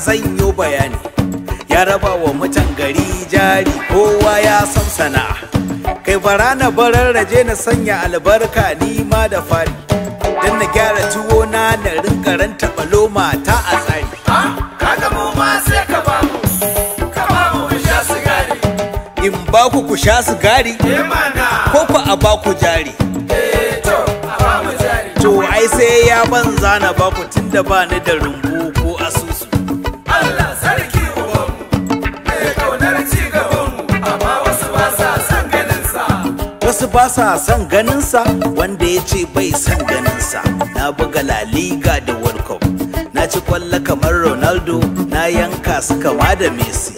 zan yi bayani ya raba wa mutan gari jari kowa ya san sana'a kai bara na barar raje na sanya albarka ni ma da fari don na gyara tuwo na na ranta balo mata a tsari ka mu ma sai ka ba ka ba sha sigari in ba ku ku sha sigari eh ko ku a ba ku eh jari to ai sai ya banza na ba ku tunda ba ni da rumbu ba sa son ganinsa wanda ya ce bai son ganinsa na buga la liga da world cup na ci kwallo kamar ronaldo na yanka su kama da messi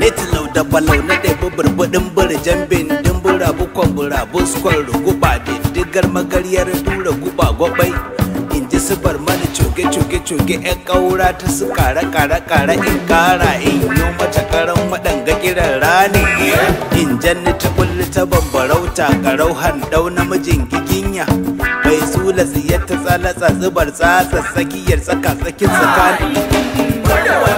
ne tilau da balau na ɗaiɓi burbuɗin birjan bindin burabu kwan burabu skwan ruguba diddigar magaryar dura guba gwabai su bar mani cuge cuge cuge yan ƙaura ta su kara kara kara in kara in yi mata karan madanga kiran rani in janni ta kulli ta bambarauta karau handau namijin giginya bai sula ziyar ta tsala tsatsubar tsatsa tsakiyar tsaka tsakin tsakani